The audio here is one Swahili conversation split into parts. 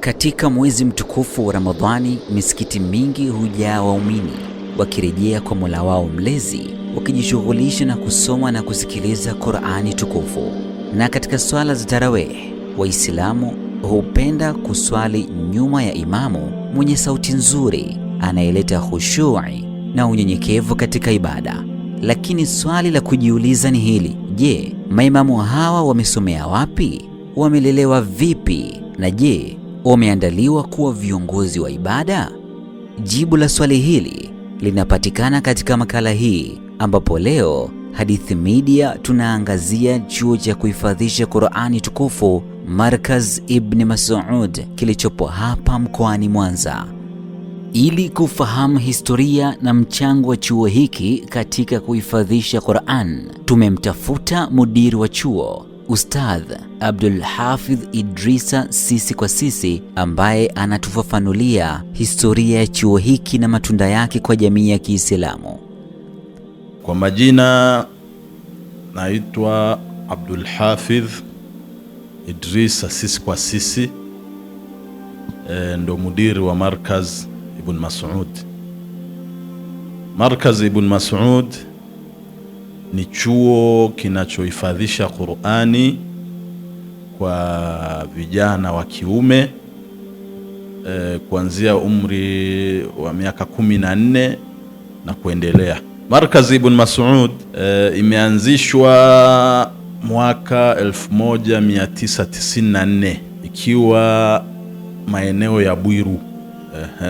Katika mwezi mtukufu wa Ramadhani, misikiti mingi hujaa waumini wakirejea kwa Mola wao mlezi, wakijishughulisha na kusoma na kusikiliza Qur'ani tukufu. Na katika swala za tarawih, Waislamu hupenda kuswali nyuma ya imamu mwenye sauti nzuri anayeleta khushui na unyenyekevu katika ibada. Lakini swali la kujiuliza ni hili: je, maimamu hawa wamesomea wapi? Wamelelewa vipi? Na je wameandaliwa kuwa viongozi wa ibada? Jibu la swali hili linapatikana katika makala hii ambapo leo Hadithi Media tunaangazia chuo cha kuhifadhisha Qur'ani tukufu Markaz Ibn Mas'ud kilichopo hapa mkoani Mwanza. Ili kufahamu historia na mchango wa chuo hiki katika kuhifadhisha Qur'an, tumemtafuta mudiri wa chuo Ustadh Abdul Hafidh Idrisa Sisi kwa Sisi, ambaye anatufafanulia historia ya chuo hiki na matunda yake kwa jamii ya Kiislamu. Kwa majina naitwa Abdul Hafidh Idrisa Sisi kwa Sisi, e, ndo mudiri wa Markaz Ibn Mas'ud. Markaz Ibn Mas'ud ni chuo kinachohifadhisha Qur'ani kwa vijana wa kiume e, kuanzia umri wa miaka kumi na nne na kuendelea. Markazi Ibn Mas'ud e, imeanzishwa mwaka 1994 ikiwa maeneo ya Bwiru. e,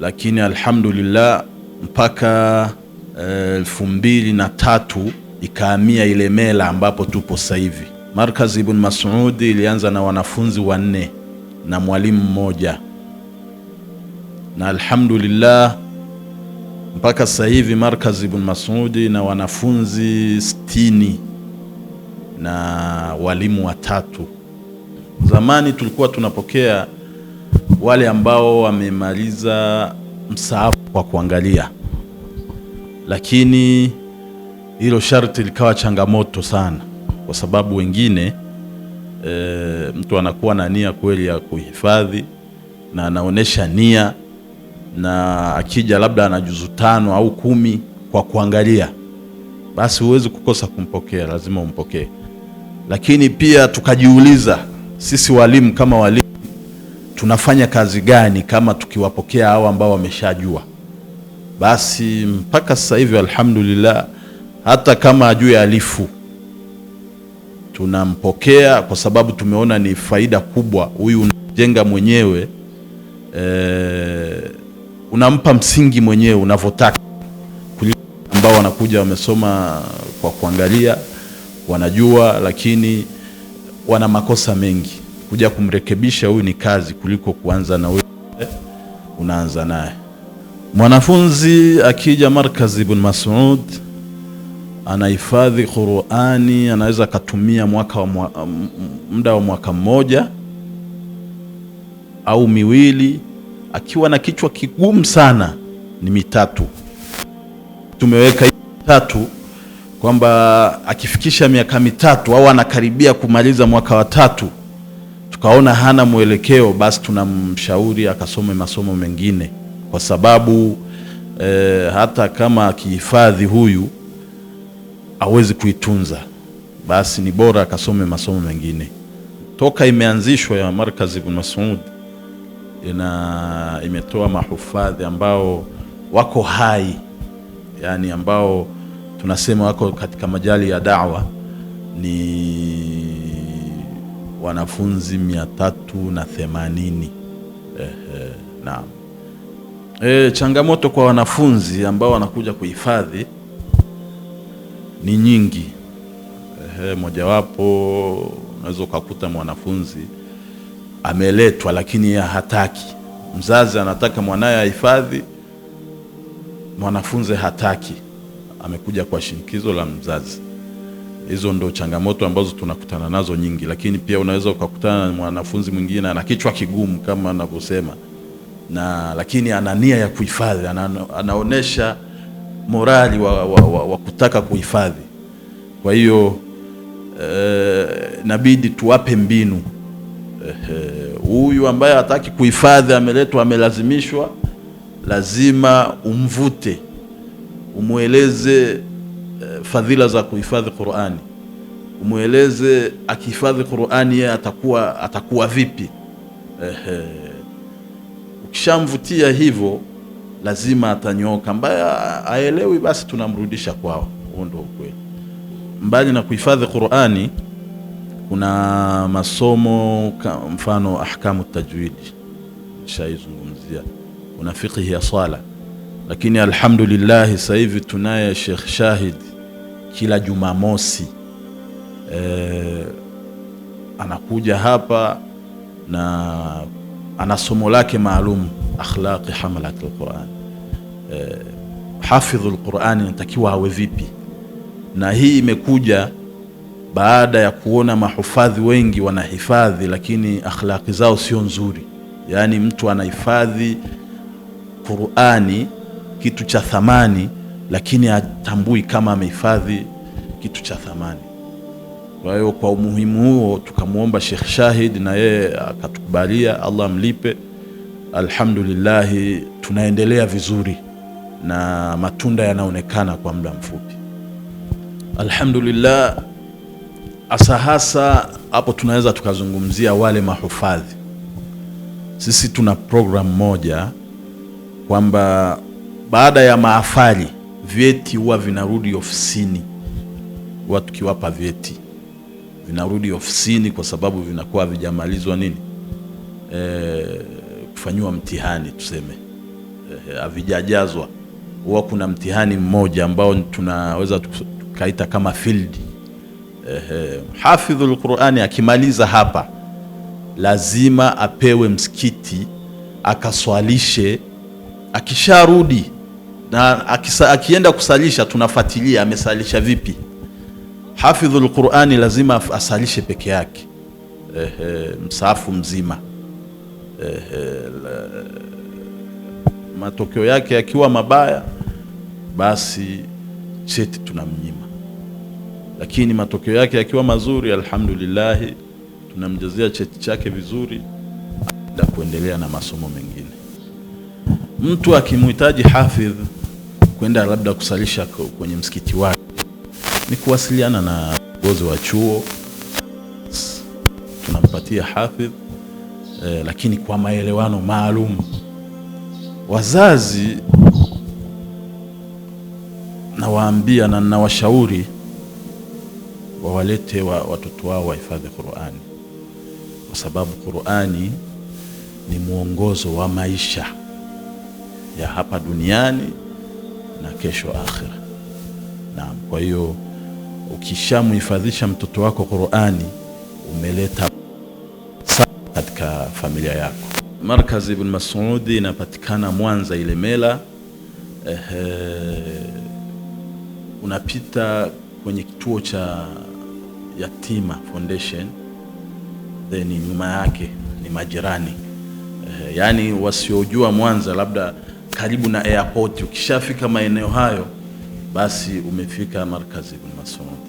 lakini alhamdulillah mpaka elfu mbili na tatu ikahamia mela ambapo tupo sasa hivi. Markazi Ibn Mas'ud ilianza na wanafunzi wanne na mwalimu mmoja, na alhamdulillah mpaka sasa hivi Markazi Ibn Mas'ud na wanafunzi sitini na walimu watatu. Zamani tulikuwa tunapokea wale ambao wamemaliza msaafu kwa kuangalia lakini hilo sharti likawa changamoto sana, kwa sababu wengine e, mtu anakuwa na nia kweli ya kuhifadhi na anaonesha nia na akija labda ana juzu tano au kumi kwa kuangalia, basi huwezi kukosa kumpokea, lazima umpokee. Lakini pia tukajiuliza sisi walimu, kama walimu tunafanya kazi gani kama tukiwapokea hao ambao wameshajua basi mpaka sasa hivi alhamdulillah, hata kama ajue alifu tunampokea kwa sababu tumeona ni faida kubwa. Huyu unajenga mwenyewe e, unampa msingi mwenyewe unavyotaka, ambao wanakuja wamesoma kwa kuangalia, wanajua, lakini wana makosa mengi. Kuja kumrekebisha huyu ni kazi kuliko kuanza na wewe eh, unaanza naye. Mwanafunzi akija Markazi Ibn Mas'ud anahifadhi Qur'ani, anaweza akatumia mwaka wa muda wa mwaka mmoja au miwili, akiwa na kichwa kigumu sana ni mitatu. Tumeweka mitatu kwamba akifikisha miaka mitatu au anakaribia kumaliza mwaka wa tatu, tukaona hana mwelekeo, basi tunamshauri akasome masomo mengine kwa sababu e, hata kama akihifadhi huyu hawezi kuitunza, basi ni bora akasome masomo mengine. Toka imeanzishwa ya Markazi Ibn Mas'ud ina imetoa mahufadhi ambao wako hai, yani ambao tunasema wako katika majali ya dawa ni wanafunzi mia tatu na themanini. Eh, eh, naam. E, changamoto kwa wanafunzi ambao wanakuja kuhifadhi ni nyingi. E, mojawapo unaweza ukakuta mwanafunzi ameletwa lakini ya hataki. Mzazi anataka mwanaye ahifadhi, mwanafunzi hataki, amekuja kwa shinikizo la mzazi. Hizo ndo changamoto ambazo tunakutana nazo nyingi, lakini pia unaweza ukakutana na mwanafunzi mwingine ana kichwa kigumu kama anavyosema na lakini ana nia ya kuhifadhi, anaonyesha morali wa, wa, wa, wa kutaka kuhifadhi. Kwa hiyo e, eh, nabidi tuwape mbinu huyu e, ambaye hataki kuhifadhi, ameletwa amelazimishwa, lazima umvute, umweleze e, fadhila za kuhifadhi Qur'ani, umweleze akihifadhi Qur'ani yeye atakuwa atakuwa vipi e, Ukishamvutia hivyo lazima atanyoka. Mbaya aelewi basi tunamrudisha kwao. Huo ndio ukweli. Mbali na kuhifadhi Qur'ani, kuna masomo mfano ahkamu tajwidi nishaizungumzia, kuna fiqhi ya sala, lakini alhamdulillah sasa hivi tunaye Sheikh Shahid kila Jumamosi eh, anakuja hapa na ana somo lake maalum akhlaqi hamalat alquran. eh, hafidhu lqurani inatakiwa awe vipi? Na hii imekuja baada ya kuona mahufadhi wengi wanahifadhi, lakini akhlaqi zao sio nzuri. Yaani mtu anahifadhi Qurani kitu cha thamani, lakini atambui kama amehifadhi kitu cha thamani. Kwa hiyo kwa umuhimu huo tukamwomba Sheikh Shahid na yeye akatukubalia, Allah mlipe Alhamdulillah, tunaendelea vizuri na matunda yanaonekana kwa muda mfupi, alhamdulillah. Hasa hasa hapo tunaweza tukazungumzia wale mahufadhi. Sisi tuna programu moja kwamba baada ya maafali vyeti huwa vinarudi ofisini, huwa tukiwapa vyeti vinarudi ofisini kwa sababu vinakuwa havijamalizwa nini, e, kufanyiwa mtihani tuseme, eh, havijajazwa e, huwa kuna mtihani mmoja ambao tunaweza tukaita kama field e, hafidhul Qur'ani akimaliza hapa lazima apewe msikiti akaswalishe, akisharudi na akisa, akienda kusalisha tunafuatilia amesalisha vipi hafidhul Qurani lazima asalishe peke yake ehe, msafu mzima ehe, la, matokeo yake yakiwa mabaya basi cheti tunamnyima, lakini matokeo yake yakiwa mazuri, alhamdulillah, tunamjazia cheti chake vizuri na kuendelea na masomo mengine. Mtu akimhitaji hafidh kwenda labda kusalisha kwenye msikiti wake ni kuwasiliana na viongozi wa chuo, tunampatia hafidh eh, lakini kwa maelewano maalum. Wazazi nawaambia na nawashauri wawalete wa, watoto wao wahifadhi Qurani kwa sababu Qurani ni mwongozo wa maisha ya hapa duniani na kesho akhira. Naam, kwa hiyo Ukishamhifadhisha mtoto wako Qurani, umeleta katika familia yako. Markazi Ibn Masudi inapatikana Mwanza Ilemela. Ehe, unapita kwenye kituo cha Yatima Foundation then nyuma yake ni majirani. Ehe, yani wasiojua Mwanza labda karibu na airport, ukishafika maeneo hayo basi umefika markazi Ibn Mas'ud.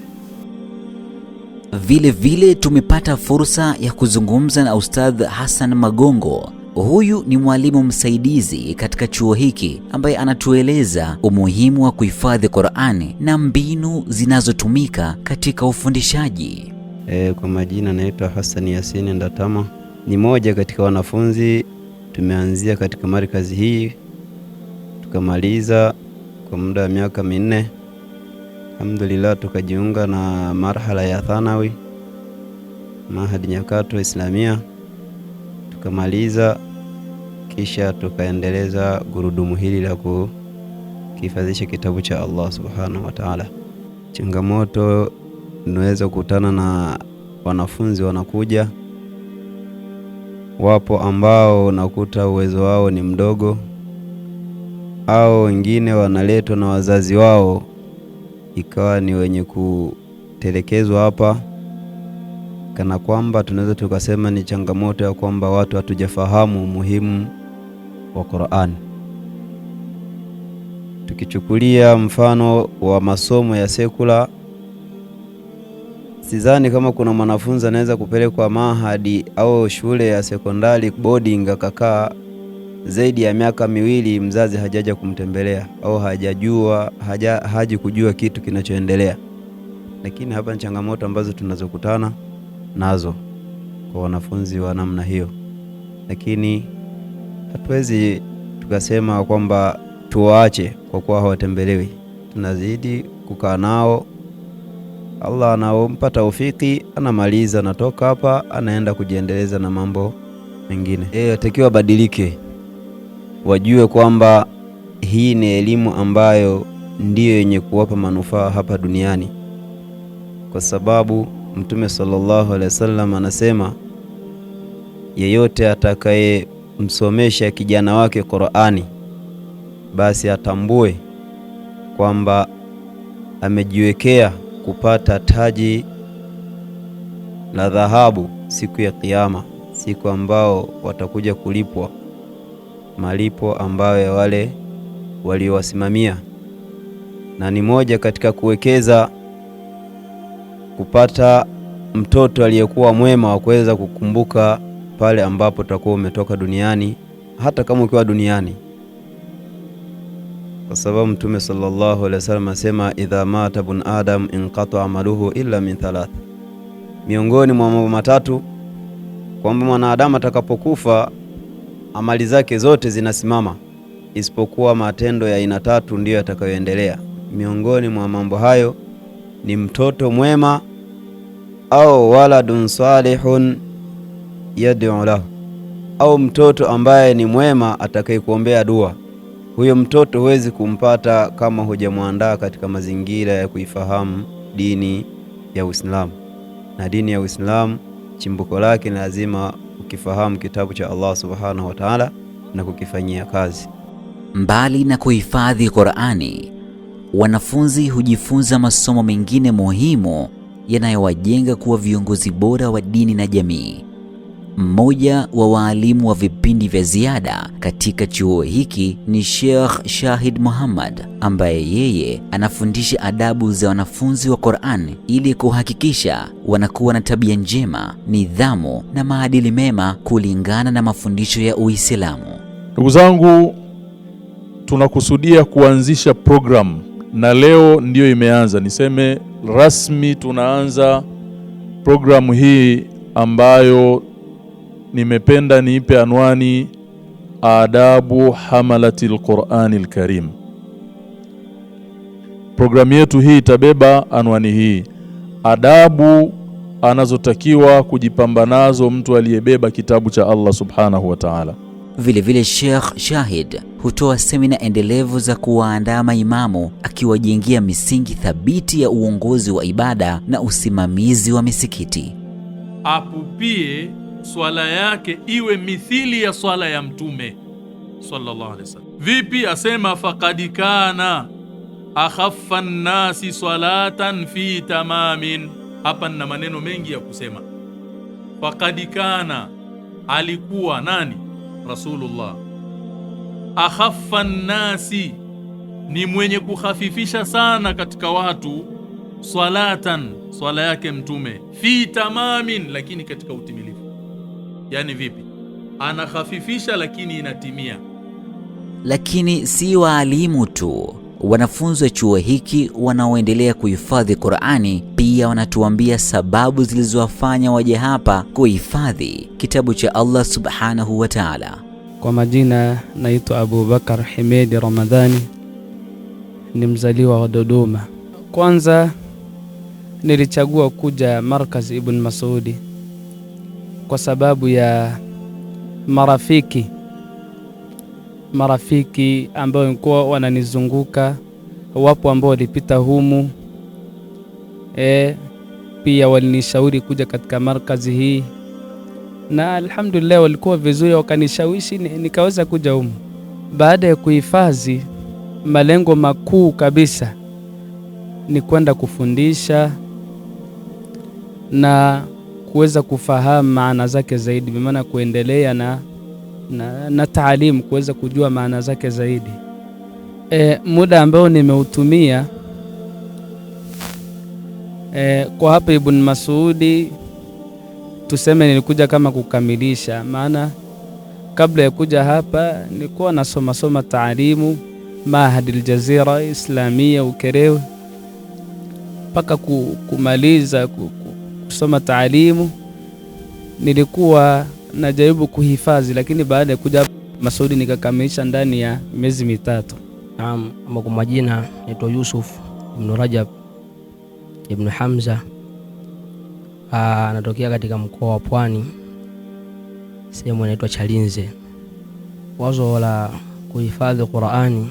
Vile vile tumepata fursa ya kuzungumza na Ustadh Hassan Magongo. Huyu ni mwalimu msaidizi katika chuo hiki ambaye anatueleza umuhimu wa kuhifadhi Qur'ani na mbinu zinazotumika katika ufundishaji. E, kwa majina naitwa Hassan Yasini Ndatama, ni moja katika wanafunzi. Tumeanzia katika markazi hii tukamaliza kwa muda wa miaka minne. Alhamdulillah, tukajiunga na marhala ya thanawi Mahadi Nyakato Islamia tukamaliza, kisha tukaendeleza gurudumu hili la kukihifadhisha kitabu cha Allah subhanahu wa taala. Changamoto inaweza kukutana na wanafunzi wanakuja, wapo ambao unakuta uwezo wao ni mdogo au wengine wanaletwa na wazazi wao, ikawa ni wenye kutelekezwa hapa, kana kwamba tunaweza tukasema ni changamoto ya kwamba watu hatujafahamu umuhimu wa Qur'an. Tukichukulia mfano wa masomo ya sekula, sidhani kama kuna mwanafunzi anaweza kupelekwa mahadi au shule ya sekondari boarding akakaa zaidi ya miaka miwili mzazi hajaja kumtembelea au hajajua haja, haji kujua kitu kinachoendelea. Lakini hapa ni changamoto ambazo tunazokutana nazo kwa wanafunzi wa namna hiyo, lakini hatuwezi tukasema kwamba tuwaache kwa kuwa hawatembelewi. Tunazidi kukaa nao. Allah anaompa taufiki, anamaliza, anatoka hapa, anaenda kujiendeleza na mambo mengine. Yeye atakiwa badilike wajue kwamba hii ni elimu ambayo ndiyo yenye kuwapa manufaa hapa duniani, kwa sababu Mtume sallallahu alaihi wasallam anasema yeyote atakayemsomesha kijana wake Qur'ani, basi atambue kwamba amejiwekea kupata taji la dhahabu siku ya Kiyama, siku ambao watakuja kulipwa malipo ambayo ya wale waliowasimamia, na ni moja katika kuwekeza kupata mtoto aliyekuwa mwema wa kuweza kukumbuka pale ambapo utakuwa umetoka duniani, hata kama ukiwa duniani, kwa sababu Mtume sallallahu alaihi wasallam asema idha mata bun adam inqata amaluhu illa min thalath, miongoni mwa mambo matatu, kwamba mwanadamu atakapokufa amali zake zote zinasimama, isipokuwa matendo ya aina tatu ndiyo yatakayoendelea. Miongoni mwa mambo hayo ni mtoto mwema au waladun salihun yad'u lahu, au mtoto ambaye ni mwema atakayekuombea dua. Huyo mtoto huwezi kumpata kama hujamwandaa katika mazingira ya kuifahamu dini ya Uislamu, na dini ya Uislamu chimbuko lake ni lazima kukifahamu kitabu cha Allah subhanahu wa ta'ala na kukifanyia kazi. Mbali na kuhifadhi Qur'ani, wanafunzi hujifunza masomo mengine muhimu yanayowajenga kuwa viongozi bora wa dini na jamii. Mmoja wa waalimu wa vipindi vya ziada katika chuo hiki ni Sheikh Shahid Muhammad ambaye yeye anafundisha adabu za wanafunzi wa Qur'an ili kuhakikisha wanakuwa na tabia njema, nidhamu na maadili mema kulingana na mafundisho ya Uislamu. Ndugu zangu, tunakusudia kuanzisha program na leo ndiyo imeanza. Niseme rasmi tunaanza programu hii ambayo nimependa niipe anwani adabu hamalati lqurani lkarim programu yetu hii itabeba anwani hii adabu anazotakiwa kujipamba nazo mtu aliyebeba kitabu cha Allah subhanahu wa ta'ala. Vilevile Sheikh Shahid hutoa semina endelevu za kuwaandaa maimamu akiwajengia misingi thabiti ya uongozi wa ibada na usimamizi wa misikiti. Apupie swala yake iwe mithili ya swala ya Mtume sallallahu alaihi wasallam. Vipi? Asema faqad kana akhaffa nnasi salatan fi tamamin. Hapa nina maneno mengi ya kusema. Faqad kana, alikuwa nani? Rasulullah. Akhaffa nnasi, ni mwenye kukhafifisha sana katika watu, salatan, swala yake Mtume, fi tamamin, lakini katika utimilifu Yaani vipi? Anahafifisha lakini inatimia. Lakini si waalimu tu, wanafunzi wa chuo hiki wanaoendelea kuhifadhi Qur'ani pia wanatuambia sababu zilizowafanya waje hapa kuhifadhi kitabu cha Allah Subhanahu wa Ta'ala. Kwa majina naitwa Abubakar Himedi Ramadhani, ni mzaliwa wa Dodoma. Kwanza nilichagua kuja Markaz Ibn Masudi kwa sababu ya marafiki, marafiki ambao walikuwa wananizunguka, wapo ambao walipita humu e, pia walinishauri kuja katika markazi hii na alhamdulillah, walikuwa vizuri, wakanishawishi nikaweza kuja humu. Baada ya kuhifadhi, malengo makuu kabisa ni kwenda kufundisha na kuweza kufahamu maana zake zaidi, bimaana kuendelea na, na, na taalimu kuweza kujua maana zake zaidi. E, muda ambao nimeutumia e, kwa hapa Ibn Masudi tuseme nilikuja kama kukamilisha, maana kabla ya kuja hapa nilikuwa nasomasoma taalimu Mahadi Aljazira Islamia Ukerewe mpaka kumaliza kusoma taalimu nilikuwa najaribu kuhifadhi, lakini baada ya kuja Masudi nikakamilisha ndani ya miezi mitatu. Naam, ama kwa majina naitwa Yusuf Ibn Rajab Ibn Hamza, anatokea katika mkoa wa Pwani, sehemu inaitwa Chalinze. Wazo la kuhifadhi Qurani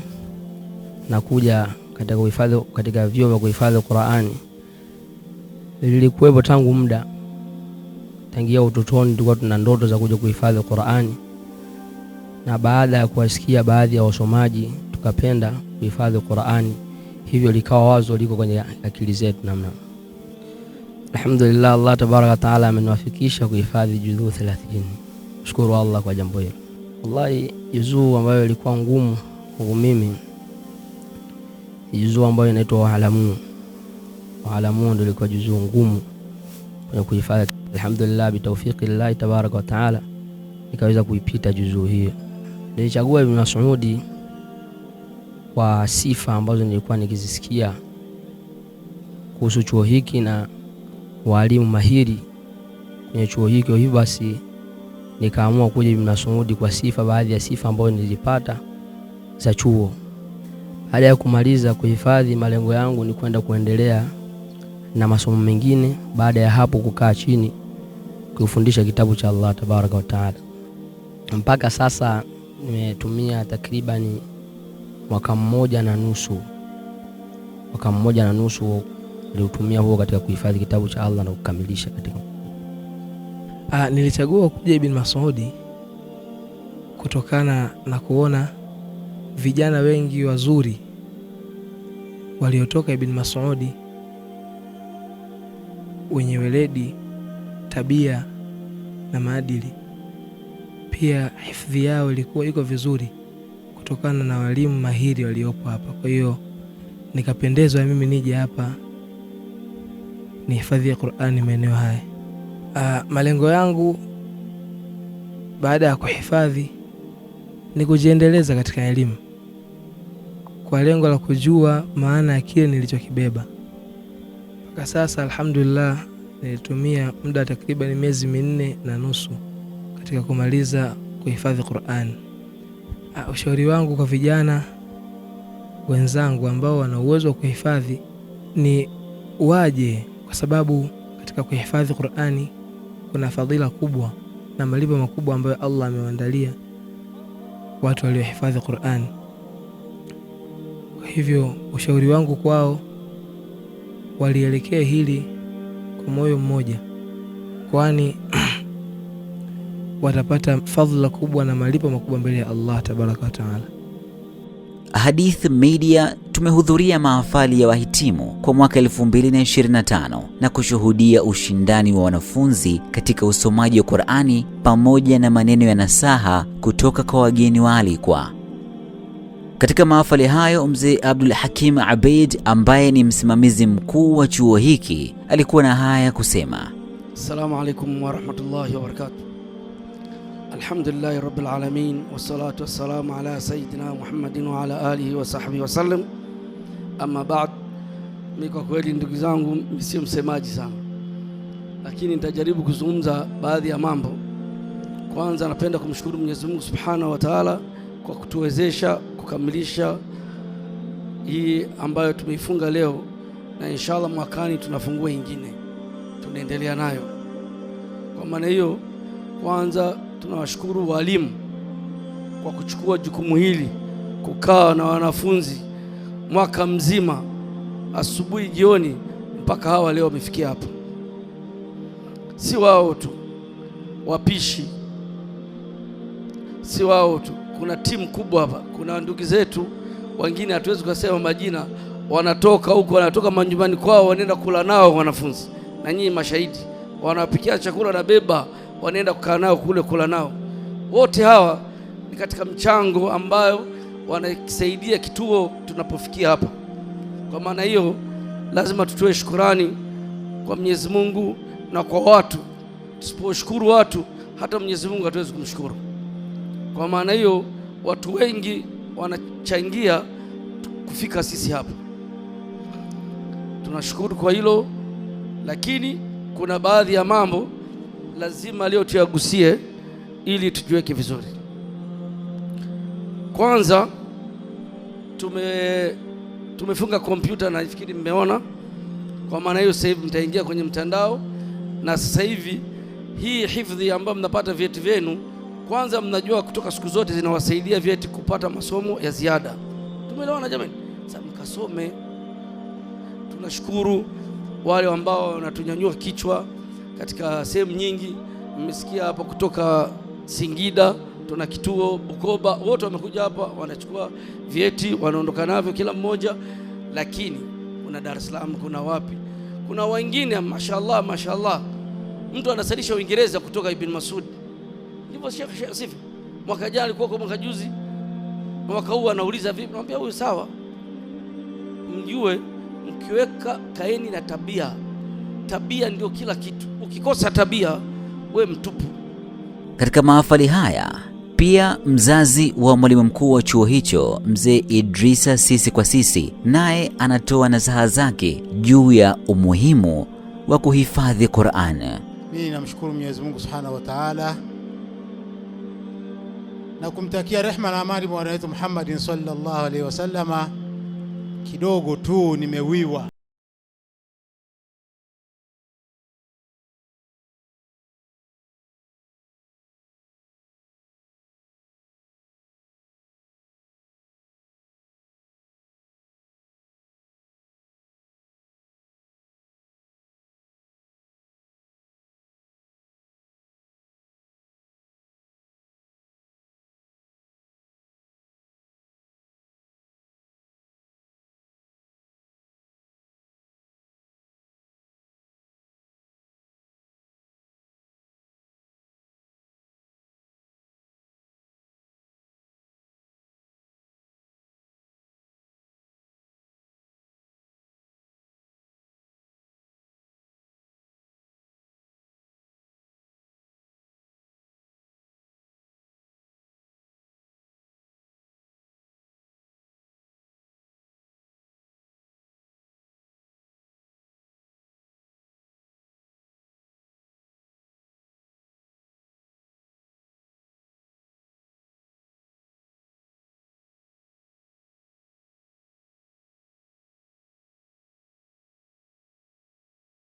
na kuja katika kuhifadhi katika vyuo vya kuhifadhi Qurani lilikuwepo tangu muda, tangia utotoni tulikuwa tuna ndoto za kuja kuhifadhi Qur'ani, na baada ya kuwasikia baadhi ya wasomaji tukapenda kuhifadhi Qur'ani, hivyo likawa wazo liko kwenye akili zetu namna. Alhamdulillah, Allah tabaraka wataala ameniwafikisha kuhifadhi juzuu 30. Shukuru Allah kwa jambo hilo. Wallahi, juzuu ambayo ilikuwa ngumu kwa mimi juzuu ambayo inaitwa Waalamu Waalamuo ndio juzuu ngumu kwenye kuhifadhi. Alhamdulillah, bitawfiki llahi tabaraka wa taala nikaweza kuipita juzuu hiyo. Nilichagua Ibn Mas'udi kwa sifa ambazo nilikuwa nikizisikia kuhusu chuo hiki na walimu mahiri kwenye chuo hiki. Hivyo basi nikaamua kuja Ibn Mas'udi kwa sifa, baadhi ya sifa ambazo nilipata za chuo. Baada ya kumaliza kuhifadhi, malengo yangu ni kwenda kuendelea na masomo mengine. Baada ya hapo, kukaa chini kufundisha kitabu cha Allah tabaraka wa taala. Mpaka sasa nimetumia takribani mwaka mmoja na nusu, mwaka mmoja na nusu niliutumia huo katika kuhifadhi kitabu cha Allah na kukamilisha katika. Ah, nilichagua kuja Ibn Masudi kutokana na kuona vijana wengi wazuri waliotoka Ibn Masudi wenye weledi, tabia na maadili. Pia hifadhi yao ilikuwa iko vizuri kutokana na walimu mahiri waliopo hapa. Kwa hiyo nikapendezwa mimi nije hapa ni hifadhi ya Qur'ani maeneo haya. Aa, ah, malengo yangu baada ya kuhifadhi ni kujiendeleza katika elimu kwa lengo la kujua maana ya kile nilichokibeba mpaka sasa alhamdulillah nilitumia muda takriban miezi minne na nusu katika kumaliza kuhifadhi Qur'an. Ah, ushauri wangu kwa vijana wenzangu ambao wana uwezo wa kuhifadhi ni waje, kwa sababu katika kuhifadhi Qur'ani kuna fadhila kubwa na malipo makubwa ambayo Allah amewaandalia watu waliohifadhi Qur'ani. Kwa hivyo ushauri wangu kwao walielekea hili kwa moyo mmoja, kwani watapata fadhila kubwa na malipo makubwa mbele ya Allah tabaraka wa taala. Hadith Media tumehudhuria mahafali ya wahitimu kwa mwaka 2025 na kushuhudia ushindani wa wanafunzi katika usomaji wa Qur'ani pamoja na maneno ya nasaha kutoka kwa wageni waalikwa. Katika mahafali hayo, mzee Abdul Hakim Abeid ambaye ni msimamizi mkuu wa chuo hiki alikuwa na haya ya kusema: Assalamu alaykum wa rahmatullahi wa barakatuh. Alhamdulillahi rabbil alamin wassalatu wassalamu ala sayidina Muhammadin wa ala alihi wa sahbihi wasallam. Amma ba'd, mi kwa kweli ndugu zangu sio msemaji sana, lakini nitajaribu kuzungumza baadhi ya mambo. Kwanza napenda kumshukuru Mwenyezi Mungu subhanahu wa taala kwa kutuwezesha kukamilisha hii ambayo tumeifunga leo, na inshallah mwakani tunafungua ingine, tunaendelea nayo. Kwa maana hiyo, kwanza tunawashukuru walimu kwa kuchukua jukumu hili, kukaa na wanafunzi mwaka mzima, asubuhi, jioni, mpaka hawa leo wamefikia hapa. Si wao tu, wapishi si wao tu, kuna timu kubwa hapa, kuna ndugu zetu wengine hatuwezi kusema majina, wanatoka huko, wanatoka manyumbani kwao, wanaenda kula nao wanafunzi, na nyinyi mashahidi, wanawapikia chakula na beba, wanaenda kukaa nao kule kula nao. Wote hawa ni katika mchango ambayo wanasaidia kituo tunapofikia hapa. Kwa maana hiyo, lazima tutoe shukurani kwa Mwenyezi Mungu na kwa watu. Tusiposhukuru watu, hata Mwenyezi Mungu hatuwezi kumshukuru. Kwa maana hiyo watu wengi wanachangia kufika sisi hapa, tunashukuru kwa hilo, lakini kuna baadhi ya mambo lazima leo tuyagusie ili tujiweke vizuri. Kwanza tume tumefunga kompyuta na nafikiri mmeona. Kwa maana hiyo sasa hivi mtaingia kwenye mtandao, na sasa hivi hii hifadhi ambayo mnapata vyeti vyenu kwanza mnajua kutoka siku zote zinawasaidia vyeti kupata masomo ya ziada. Tumeelewana jamani? Sasa mkasome. Tunashukuru wale ambao wanatunyanyua kichwa katika sehemu nyingi. Mmesikia hapa kutoka Singida tuna kituo Bukoba, wote wamekuja hapa, wanachukua vyeti wanaondoka navyo kila mmoja, lakini kuna Dar es Salaam, kuna wapi, kuna wengine mashallah, mashallah, mtu anasalisha Uingereza kutoka Ibn Masud ndivyo Sheikh Sifa mwaka jana alikuwa kwa mwaka juzi mwaka huu anauliza vipi, namwambia huyu sawa. Mjue mkiweka kaeni na tabia, tabia ndio kila kitu. Ukikosa tabia, we mtupu. Katika mahafali haya pia mzazi wa mwalimu mkuu wa chuo hicho mzee Idrisa Sisi kwa Sisi naye anatoa nasaha zake juu ya umuhimu wa kuhifadhi Qur'an. Mimi namshukuru Mwenyezi Mungu Subhanahu wa Ta'ala na kumtakia rehma na amani bwana wetu Muhammad sallallahu alaihi wasallama. Kidogo tu nimewiwa.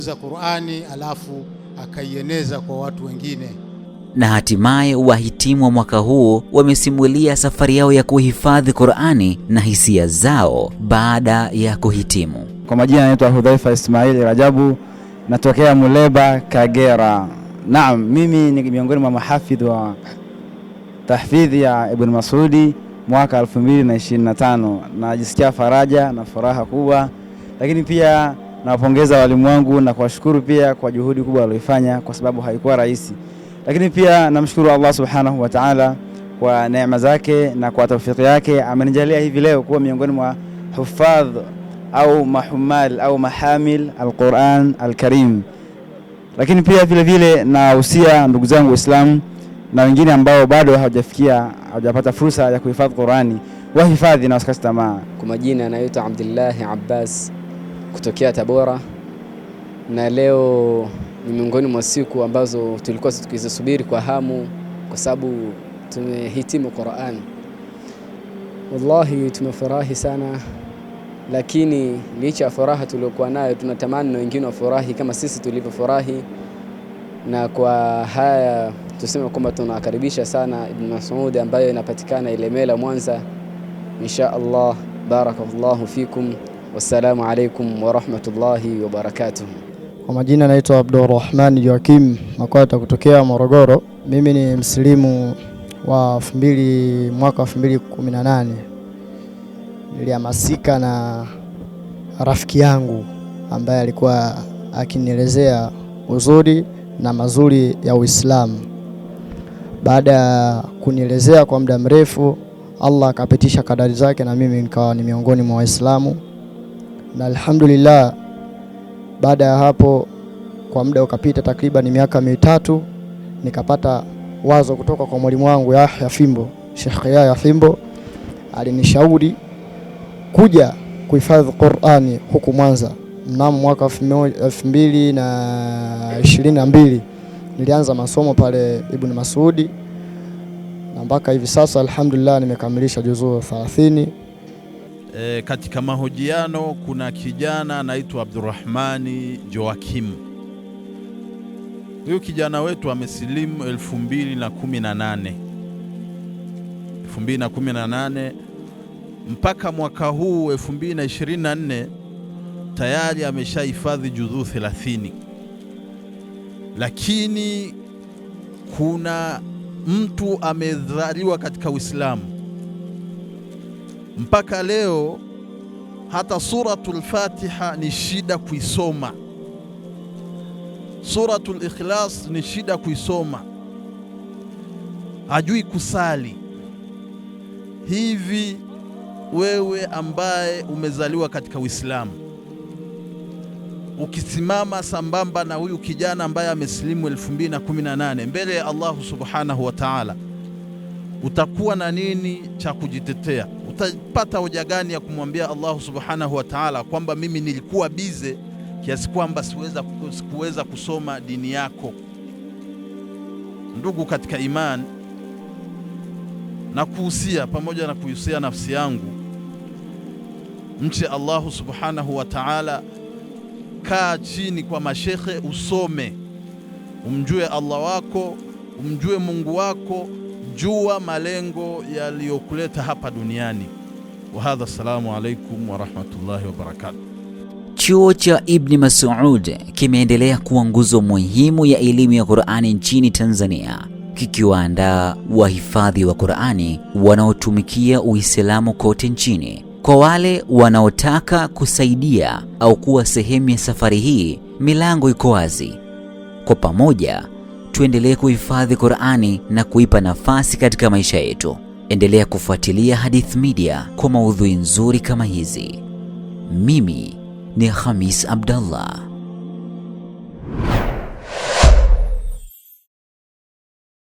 za Qur'ani alafu akaieneza kwa watu wengine. Na hatimaye wahitimu wa mwaka huu wamesimulia safari yao ya kuhifadhi Qur'ani na hisia zao baada ya kuhitimu. Kwa majina anaitwa Hudhaifa Ismail Rajabu, natokea Muleba, Kagera. Naam, mimi ni miongoni mwa mahafidhi wa tahfidhi ya Ibn Masudi mwaka 2025. Najisikia faraja na furaha kubwa, lakini pia Nawapongeza walimu wangu na kuwashukuru pia kwa juhudi kubwa walioifanya, kwa sababu haikuwa rahisi, lakini pia namshukuru Allah subhanahu wa taala kwa neema zake na kwa taufiki yake amenijalia hivi leo kuwa miongoni mwa hufadh au mahumal au mahamil alquran alkarim. Lakini pia vile vile nawahusia ndugu zangu Waislamu na wengine ambao bado hawajafikia hawajapata fursa ya kuhifadhi Qurani, wahifadhi na wasikate tamaa. Kwa majina anaitwa Abdillahi Abbas kutokea Tabora, na leo ni miongoni mwa siku ambazo tulikuwa tukizisubiri kwa hamu, kwa sababu tumehitimu Qur'an. Wallahi tumefurahi sana, lakini licha ya furaha tuliyokuwa nayo, tunatamani na wengine wafurahi kama sisi tulivyofurahi. Na kwa haya tuseme kwamba tunakaribisha sana Ibn Mas'ud ambayo inapatikana Ilemela, Mwanza. Insha Allah, barakallahu fikum. Wassalamu alaikum warahmatullahi wabarakatuh. Kwa majina naitwa Abdurrahman Joakim Makwata kutokea Morogoro. Mimi ni msilimu wa mwaka 2018 nilihamasika na rafiki yangu ambaye alikuwa akinielezea uzuri na mazuri ya Uislamu. Baada ya kunielezea kwa muda mrefu, Allah akapitisha kadari zake na mimi nikawa ni miongoni mwa Waislamu na alhamdulillah, baada ya hapo kwa muda ukapita takriban miaka mitatu, nikapata wazo kutoka kwa mwalimu wangu Yahya Fimbo, Sheikh Yahya Fimbo alinishauri kuja kuhifadhi Qur'ani huku Mwanza. Mnamo mwaka na mbili nilianza masomo pale Ibn Masudi na mpaka hivi sasa alhamdulillah nimekamilisha juzuu 30. E, katika mahojiano kuna kijana anaitwa Abdurrahmani Joakim. Huyu kijana wetu amesilimu 2018. 2018 mpaka mwaka huu 2024 tayari ameshahifadhi juzuu 30, lakini kuna mtu amezaliwa katika Uislamu mpaka leo hata Suratul Fatiha ni shida kuisoma, Suratul Ikhlas ni shida kuisoma, hajui kusali. Hivi wewe ambaye umezaliwa katika Uislamu ukisimama sambamba na huyu kijana ambaye amesilimu 2018 mbele ya Allahu subhanahu wa taala, utakuwa na nini cha kujitetea? atapata hoja gani ya kumwambia Allah subhanahu wa ta'ala kwamba mimi nilikuwa bize kiasi kwamba siweza sikuweza kusoma dini yako? Ndugu katika imani, na kuhusia pamoja na kuhusia nafsi yangu, mche Allah subhanahu wa ta'ala. Kaa chini kwa mashekhe, usome, umjue Allah wako, umjue Mungu wako jua malengo yaliyokuleta hapa duniani. wa hadha, assalamu alaikum wa rahmatullahi wa barakatuh. Chuo cha Ibni Mas'ud kimeendelea kuwa nguzo muhimu ya elimu ya Qur'ani nchini Tanzania kikiwaandaa wahifadhi wa Qur'ani wanaotumikia Uislamu kote nchini. Kwa wale wanaotaka kusaidia au kuwa sehemu ya safari hii, milango iko wazi. Kwa pamoja tuendelee kuhifadhi Qur'ani na kuipa nafasi katika maisha yetu. Endelea kufuatilia Hadith Media kwa maudhui nzuri kama hizi. Mimi ni Khamis Abdallah.